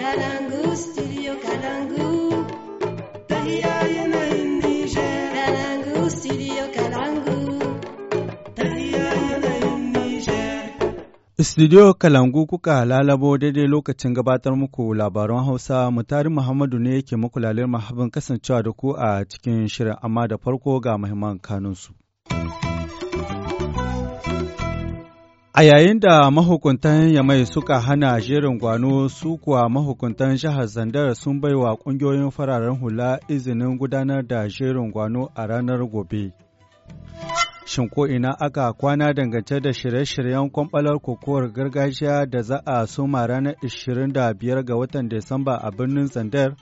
studio Kalangu. kuka lalabo daidai lokacin gabatar muku labaran Hausa mutari Muhammadu ne yake muku lalir mahabin kasancewa da ku a cikin shirin amma da farko ga muhimman kanunsu. A yayin da mahukuntan Yamai suka hana jerin gwano su kuwa mahukuntan jihar Zandar sun baiwa ƙungiyoyin fararen hula izinin gudanar da jerin gwano a ranar gobe. Shin ko ina aka kwana dangance da shirye-shiryen kwamɓalar kokowar gargajiya da za a soma ranar 25 ga watan Disamba a birnin Zandar?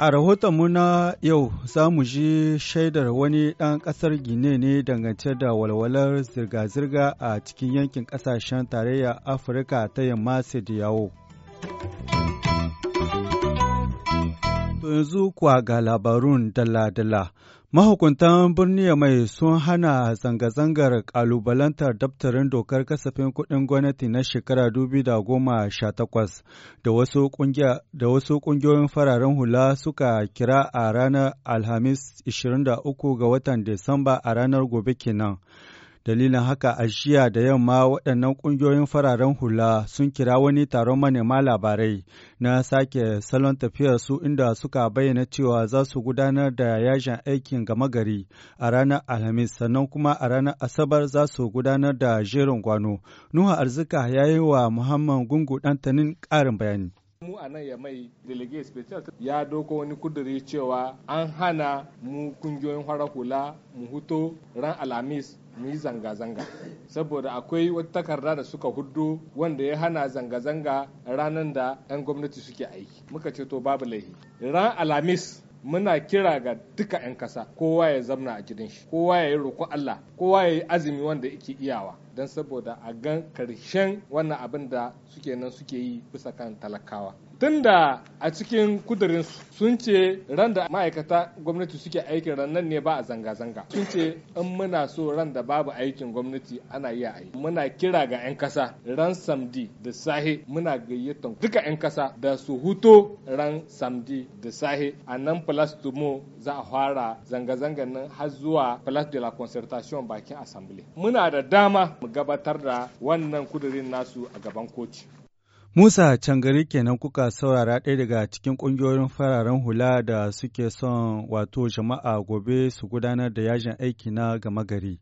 A rahoton mu na yau za mu ji shaidar wani ɗan ƙasar Gine ne dangance da walwalar zirga-zirga a cikin yankin ƙasashen tarayya Afirka ta yamma yawo. To yanzu kuwa ga labarun dala-dala. Mahukuntan birni mai sun hana zanga-zangar ƙalubalantar daftarin dokar kasafin kuɗin gwamnati na shekara 2018 da wasu ƙungiyoyin fararen hula suka kira a ranar Alhamis 23 ga watan Disamba a ranar gobe kenan. Dalilin haka a jiya da yamma waɗannan ƙungiyoyin fararen hula sun kira wani taron manema labarai na sake salon tafiyar su inda suka bayyana cewa za su gudanar da yajin aikin gama gari a ranar Alhamis sannan kuma a ranar Asabar za su gudanar da jerin gwano. Nuhu Arzika ya yi wa Muhammad Gungu tanin ƙarin bayani. mu a nan ya mai delegate special ya doko wani kuduri cewa an hana mu kungiyoyin farar hula mu huto ran al'amis mu yi zanga-zanga saboda akwai wata takarda da suka hudu wanda ya hana zanga-zanga ranar da 'yan gwamnati suke aiki muka ce to babu laifi ran al'amis. muna kira ga duka 'yan kasa kowa ya zamna a gidan shi kowa ya yi roƙo Allah kowa ya yi azumi wanda yake iyawa don saboda a gan karshen wannan abin da suke nan suke yi bisa kan talakawa tun da a cikin kudurin sun ce ran da ma'aikata gwamnati suke aikin rannan ne ba a zanga-zanga sun ce in muna so ran da babu aikin gwamnati ana iya aiki muna kira ga 'yan kasa ran samdi da sahe muna gayyatan duka 'yan kasa da su huto ran samdi da sahe a nan plus tumo za a fara zanga-zangan nan har zuwa place de la concertation bakin assembly muna da dama mu gabatar da wannan kudurin nasu a gaban kotu Musa can gari kenan kuka saurara ɗaya daga cikin ƙungiyoyin fararen hula da suke son wato jama'a gobe su gudanar da yajin aiki na gama gari.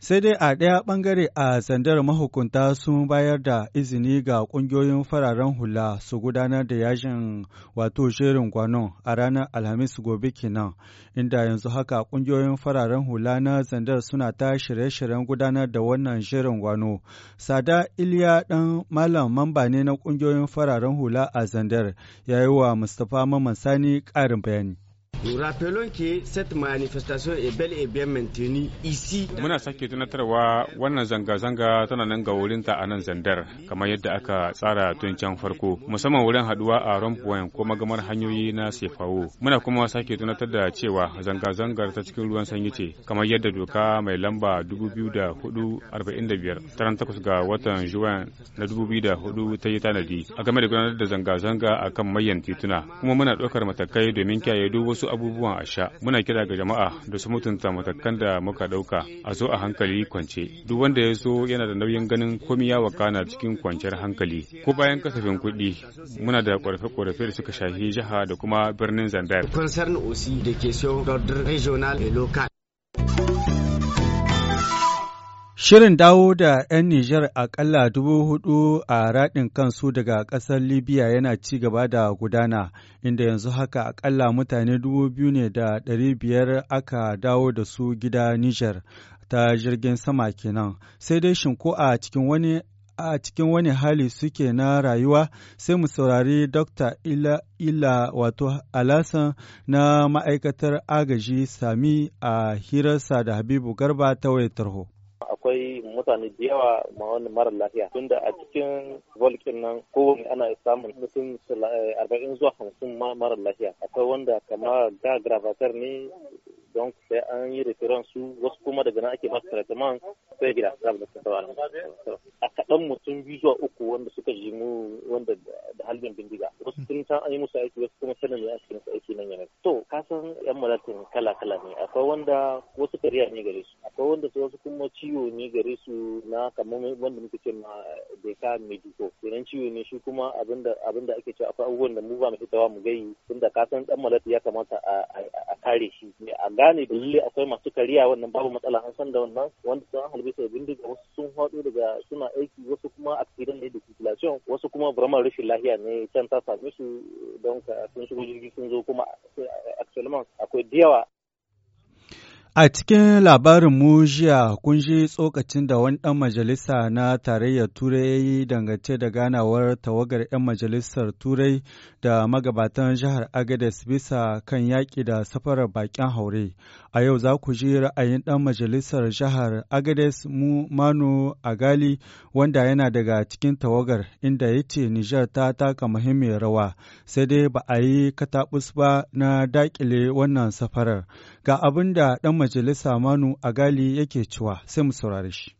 Sai dai a ɗaya ɓangare a sandar mahukunta sun bayar da izini ga ƙungiyoyin fararen hula su gudanar da yajin wato shirin kwanon a ranar Alhamis gobe kenan, inda yanzu haka ƙungiyoyin fararen hula na zandar suna ta shirye-shiryen gudanar da wannan shirin gwano. Sada Iliya ɗan malam mamba ne na ƙungiyoyin fararen hula a zandar, ya yi wa Mustapha Mamman Sani ƙarin bayani. Nous rappelons que cette manifestation est bel et bien maintenue ici. Muna sake tunatarwa wannan zanga-zanga tana nan ga wurinta a nan zandar kamar yadda aka tsara tun can farko musamman wurin haduwa a Rompoint ko magamar hanyoyi na Sefawo. Muna kuma sake tunatar da cewa zanga-zangar ta cikin ruwan sanyi ce kamar yadda doka mai lamba 2445 38 ga watan Juwan na 2004 ta yi tanadi a game da gudanar da zanga-zanga akan mayan tituna kuma muna ɗaukar matakai domin kiyaye duk wasu abubuwan a sha. Muna kira ga jama'a da su mutunta matakan da muka ɗauka a zo a hankali kwance. Duk wanda ya zo yana da nauyin ganin komi ya wakana cikin kwanciyar hankali. Ko bayan kasafin kuɗi muna da ƙorafe-ƙorafe da suka shafi jiha da kuma birnin Zandar. Concern osi local. Shirin dawo da 'yan Nijar akalla dubu hudu a raɗin kansu daga ƙasar Libya yana ci gaba da gudana, inda yanzu haka akalla mutane dubu biyu ne da ɗari biyar aka dawo da su gida Nijar ta jirgin sama kenan. Sai dai shin ko a cikin wani a cikin wani hali suke na rayuwa sai mu saurari Dr. Ila, Ila wato Alasan na ma'aikatar agaji Sami a hirarsa da Habibu Garba ta wayar tarho. akwai mutane da yawa ma wani mara lafiya tunda a cikin volkin nan kowane ana samun mutum arba'in zuwa hamsin ma mara lafiya akwai wanda kama ga gravatar ne don sai an yi referan su wasu kuma daga nan ake ba su sai gida mu da tawana a kaɗan mutum biyu zuwa uku wanda suka ji mu wanda da halin bindiga wasu sun san an yi musu aiki wasu kuma sanin da ake musu aiki nan yana to ka san yan malatin kala kala ne akwai wanda wasu kariya ne gare su akwai wanda su wasu kuma ciwo ne gare su na kamar wanda muke ce ma deka medico kenan ciwo ne shi kuma abinda abinda ake cewa akwai abubuwan da mu ba mu fitawa mu gayi tunda ka san dan malatin ya kamata a kare shi a gane da lalle akwai masu kariya wannan babu matsala an san da wannan wanda sun halbi bisa bindiga wasu sun haɗu daga suna aiki wasu kuma a cikin ne da circulation wasu kuma burama rashin lahiya ne can ta same su don ka sun shigo jirgi sun zo kuma actuellement akwai da yawa A cikin labarin mu jiya kun ji tsokacin da wani dan majalisa na tarayyar Turai ya yi dangance da ganawar tawagar 'yan majalisar Turai da magabatan jihar Agadez bisa kan yaƙi da safarar bakin haure. A yau za ku ji ra'ayin ɗan majalisar jihar Agades mu Mano Agali wanda yana daga cikin tawagar inda ya ce Nijar ta taka muhimmiyar rawa sai dai ba a yi kataɓus ba na daƙile wannan safarar. Ga abin da ɗan majalisa Manu Agali yake cewa sai mu saurare shi.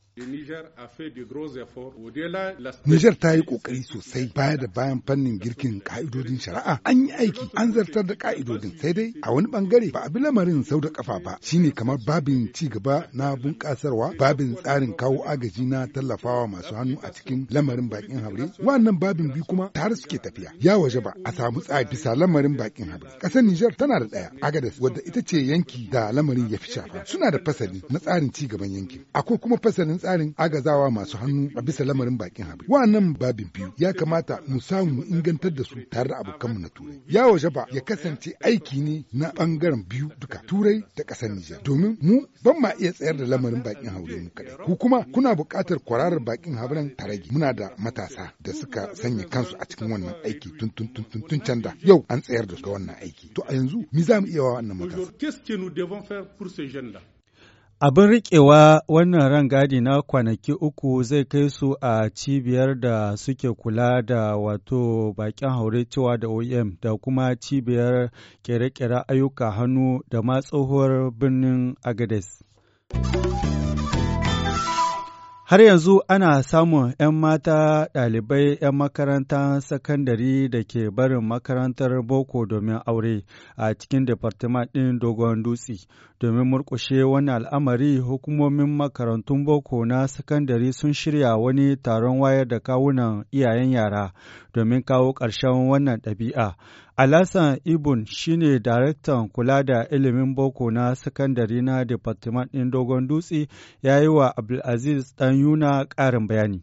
Nijar ta yi ƙoƙari sosai baya da bayan fannin girkin ƙa'idodin shari'a an yi aiki an zartar da ƙa'idodin sai dai a wani bangare ba a bi lamarin sau da ƙafa ba shine kamar babin ci gaba na bunƙasarwa babin tsarin kawo agaji na tallafawa masu hannu a cikin lamarin bakin haure wannan babin bi kuma tare suke tafiya ya waje ba a samu tsari bisa lamarin bakin haure ƙasar Nijar tana da ɗaya agadas wadda ita ce yanki da lamarin ya fi shafa suna da fasali na tsarin ci gaban yankin akwai kuma fasalin tsarin agazawa masu hannu a bisa lamarin bakin habi. wannan babin biyu ya kamata mu samu mu ingantar da su tare da abokanmu na Turai. Ya waje ba ya kasance aiki ne na bangaren biyu duka Turai da ƙasar Nijar. Domin mu ban ma iya tsayar da lamarin bakin haure mu kaɗai. Ku kuma kuna buƙatar kwararar bakin hauren tarage. Muna da matasa da suka sanya kansu a cikin wannan aiki tun tun tun tun tun can da yau an tsayar da su ga wannan aiki. To a yanzu mi za mu iya wa wannan matasa. Abin riƙewa wannan rangadi na kwanaki uku zai kai su a cibiyar da suke kula da wato bakin haure cewa da OEM da kuma cibiyar kere-kere ayyuka hannu da ma tsohuwar birnin Agades. Har yanzu ana samun ‘yan mata ɗalibai ‘yan makarantar sakandare da ke barin makarantar boko domin aure a cikin Departement ɗin Dogon Dutse. Domin murkushe wani al'amari hukumomin makarantun boko na sakandare sun shirya wani taron wayar da kawunan iyayen yara domin kawo ƙarshen wannan ɗabi'a. Alasan Ibun shine daraktan kula da ilimin boko na sakandare na Departement ɗin Dogon Dutse ya yi wa Abdulaziz Ɗanyuna ƙarin bayani.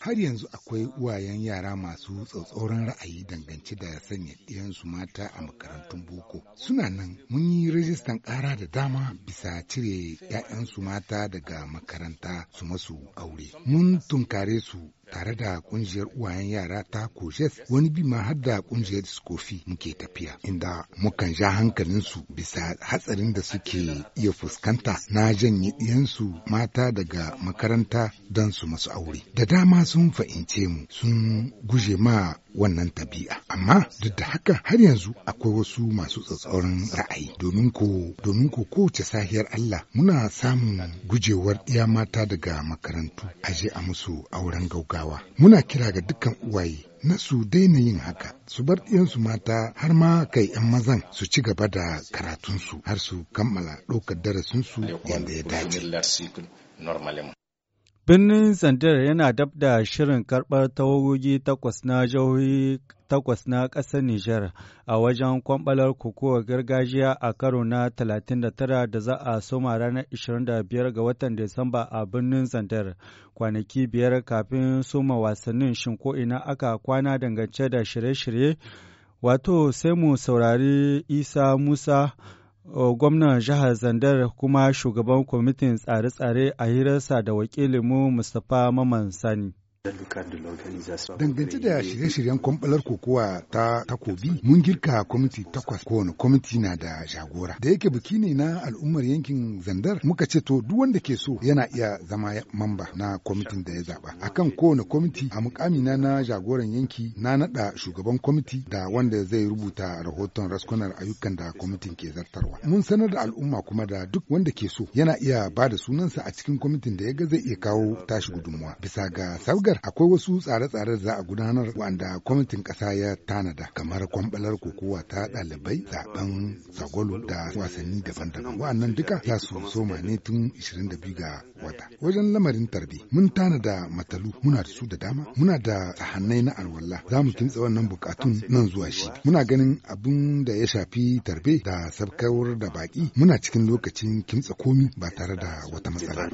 Har yanzu akwai wayan yara masu tsatsauran ra'ayi dangance da sanya ɗiyansu mata a makarantun boko. Suna nan mun yi rajistan ƙara da dama bisa cire ‘ya'yansu mata daga makaranta su masu aure. Mun tunkare su tare da kungiyar uwayen yara ta kojes wani bi ma har da kungiyar skofi muke tafiya inda mukan ja hankalinsu bisa hatsarin da suke iya fuskanta na janye yansu mata daga makaranta don su masu aure da dama sun fahimce mu sun guje ma wannan tabi'a amma duk da haka har yanzu akwai wasu masu tsatsauran ra'ayi domin ko domin ko kowace sahiyar Allah muna samun gujewar iya mata daga makarantu aje a musu auren gaugawa muna kira ga dukkan uwaye na su daina yin haka su bar ɗiyansu mata har ma kai 'yan mazan su ci gaba da karatunsu har su kammala ɗaukar darasinsu yadda ya dace. Birnin Zandar yana dab da shirin karɓar tawagogi takwas na jihohi takwas na ƙasar Nijar a wajen kwamɓalar kokowar gargajiya a karo na 39 da za a soma ranar 25 ga watan Disamba a birnin Zandar. Kwanaki biyar kafin soma wasannin shin ina aka kwana dangance da shirye-shirye. Wato sai mu saurari Isa Musa. gwamnan jihar Zandar kuma shugaban kwamitin tsare-tsare a hirarsa da wakilinmu Mustapha Maman Sani. Dangance da shirye-shiryen kwamfalar kokowa ta takobi, mun girka kwamiti takwas kowane kwamiti na da jagora. Da yake biki ne na al'ummar yankin Zandar, muka ce to duk wanda ke so yana iya zama mamba na kwamitin da ya zaba. Akan kowane kwamiti a mukamina na jagoran yanki na naɗa shugaban kwamiti da wanda zai rubuta rahoton raskunar ayyukan da kwamitin ke zartarwa. Mun sanar da al'umma kuma da duk wanda ke so yana iya ba da sunansa a cikin kwamitin da ya ga zai iya kawo tashi gudunmuwa. Bisa ga sabga tambayar akwai wasu tsare-tsare za a gudanar wanda kwamitin ƙasa ya tanada kamar kwambalar kokowa ta ɗalibai zaben sagwalo da wasanni daban-daban wa'annan duka za su soma ne tun 22 ga wata wajen lamarin tarbe mun tanada matalu muna da su da dama muna da sahannai na alwala za mu kintsa wannan bukatun nan zuwa shi muna ganin abin da ya shafi tarbe da sabkawar da baki muna cikin lokacin kintsa komi ba tare da wata matsala.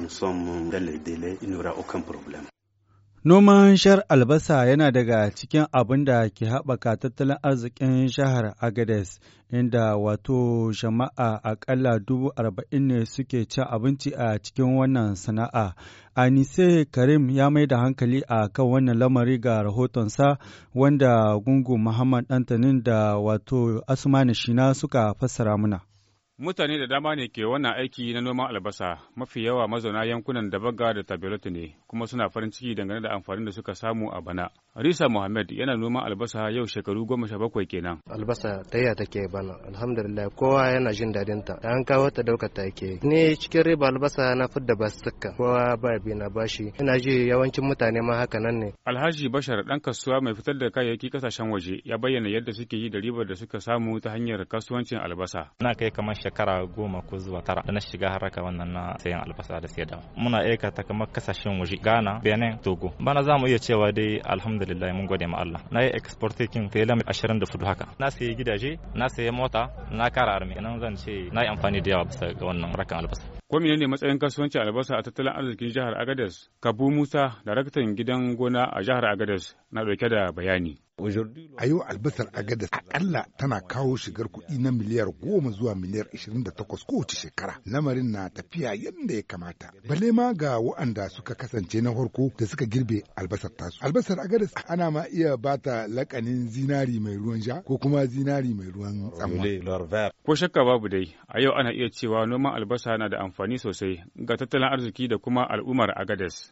Noman shar albasa yana daga cikin abin da ke haɓaka tattalin arzikin shahar Agades, inda wato jama'a aƙalla dubu arba'in ne suke cin abinci a cikin wannan sana'a. Anise Karim ya mai da hankali a kan wannan lamari ga rahotonsa wanda gungun Muhammad Dantanin da wato Asmani Shina suka fassara muna. Mutane da dama ne ke wannan aiki na noman albasa, mafi yawa mazauna yankunan da baga da Tabelotu ne, kuma suna farin ciki dangane da amfanin da suka samu a bana. Risa Mohammed yana noman albasa yau shekaru goma sha bakwai kenan. Albasa taya take bana, alhamdulillah kowa yana jin dadin ta. An kawo ta daukar ta yake. Ni cikin riba albasa na fidda saka. kowa ba bi na bashi. Ina ji yawancin mutane ma haka nan ne. Alhaji Bashar dan kasuwa mai fitar da kayayyaki kasashen waje ya bayyana yadda suke yi da ribar da suka samu ta hanyar kasuwancin albasa. Ana kai kamar shekara goma ko zuwa tara da na shiga haraka wannan na sayan albasa da sayarwa muna aikata kamar kasashen waje gana Benin Togo bana zamu iya cewa dai alhamdulillah mun gode ma Allah na yi exporting tela mai 24 haka na sayi gidaje na sayi mota na kara armi nan zan ce na yi amfani da yawa bisa ga wannan rakan albasa ko ne matsayin kasuwanci albasa a tattalin arzikin jihar Agadez Kabu Musa daraktan gidan gona a jihar Agadez na dauke da bayani A yau albasar agada akalla tana kawo shigar kuɗi na miliyar goma zuwa miliyar 28 kowace shekara. Lamarin na tafiya yadda ya kamata. Bale ma ga waɗanda suka kasance na farko da suka girbe albasar tasu. Albasar agada ana ma iya bata lakanin zinari mai ruwan ja ko kuma zinari mai ruwan tsamma. Ko shakka babu dai, a yau ana iya cewa noman albasa na da amfani sosai ga tattalin arziki da kuma al'ummar agadas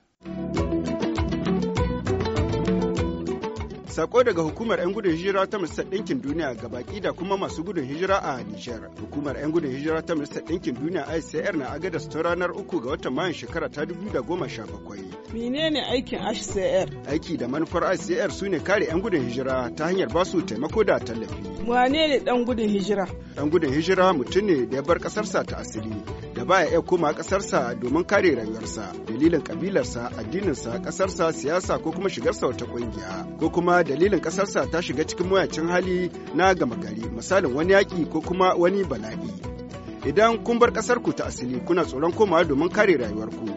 Sako daga hukumar 'yan gudun hijira ta Majalisar Ɗinkin Duniya ga baki da kuma masu gudun hijira a Nijar. Hukumar 'yan gudun hijira ta Majalisar Ɗinkin Duniya ICR na agadas ta ranar uku ga watan Mayun shekara ta da sha 2017. Menene aikin ICR? Aiki da manufar ICR su ne kare 'yan gudun hijira ta hanyar basu taimako da tallafi. wane ne dan gudun hijira dan gudun hijira mutum ne da ya bar kasarsa ta asiri da baya iya koma kasarsa domin kare rayuwarsa dalilin kabilarsa addininsa kasarsa siyasa ko kuma shigarsa wata kungiya ko kuma dalilin kasarsa ta shiga cikin mayacin hali na gama gari misalin wani yaki ko kuma wani bala'i idan kun bar kasarku ta asili kuna tsoron komawa domin kare rayuwarku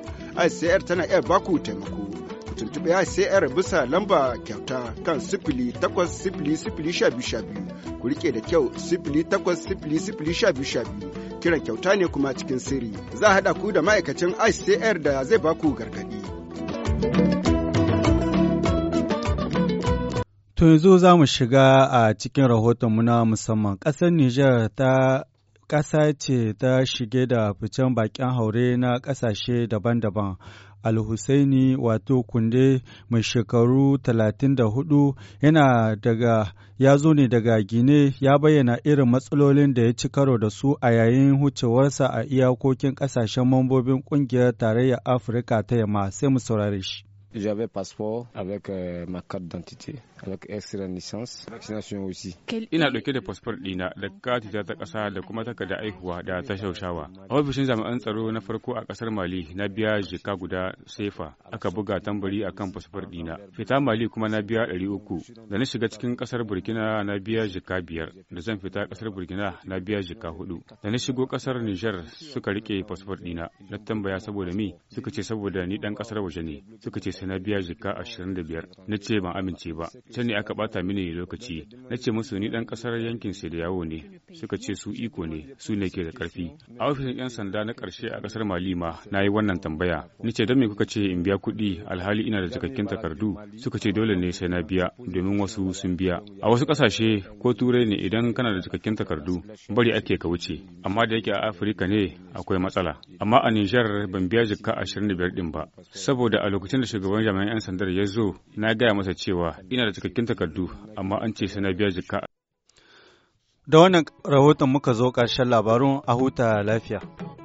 ICR tana iya baku taimako ku tuntuɓe ICR bisa lamba kyauta kan sifili takwas sifili sifili sha biyu sha biyu ku riƙe da kyau sifili takwas sifili sifili sha biyu sha biyu kiran kyauta ne kuma cikin sirri za a haɗa ku da ma'aikacin ICR da zai baku gargaɗi. To yanzu za mu shiga a cikin mu na musamman ƙasar Nijar ta ƙasa ce ta shige da ficen bakin haure na ƙasashe daban-daban al wato kunde mai shekaru 34 yana daga ya zo ne daga Gine ya bayyana irin matsalolin da ya ci karo da su a yayin hucewarsa a iyakokin ƙasashen mambobin ƙungiyar tarayyar Afirka ta yamma sai mu saurare shi. J'avais passeport avec euh, ma carte d'identité, avec extra licence, vaccination aussi. Ina ɗauke da passport dina da kati ta ta kasa da kuma da aihuwa da ta shaushawa. Ofishin jami'an tsaro na farko a kasar Mali na biya jika guda sefa aka buga tambari kan passport dina. Fita Mali kuma na biya ɗari uku. Da na shiga cikin kasar Burkina na biya jika biyar. Da zan fita kasar Burkina na biya jika hudu. Da na shigo kasar Nijar suka rike passport dina. Na tambaya saboda mi suka ce saboda ni dan kasar waje ne. Suka ce sai na biya jika ashirin da biyar na ce ban amince ba can ne aka bata mini lokaci na ce musu ni dan kasar yankin sai da yawo ne suka ce su iko ne su ne ke da karfi a ofishin yan sanda na karshe a kasar malima ma na yi wannan tambaya ni ce don me kuka ce in biya kuɗi alhali ina da cikakken takardu suka ce dole ne sai na biya domin wasu sun biya a wasu kasashe ko turai ne idan kana da cikakken takardu bari ake ka wuce amma da yake a afirka ne akwai matsala amma a nijar ban biya jika ashirin da biyar din ba saboda a lokacin da shugaban shugaban jami'an 'yan sandar ya zo na gaya masa cewa ina da cikakkin takardu amma an ce sana na biya jika. Da wannan rahoton muka zo ƙarshen labarun a huta lafiya.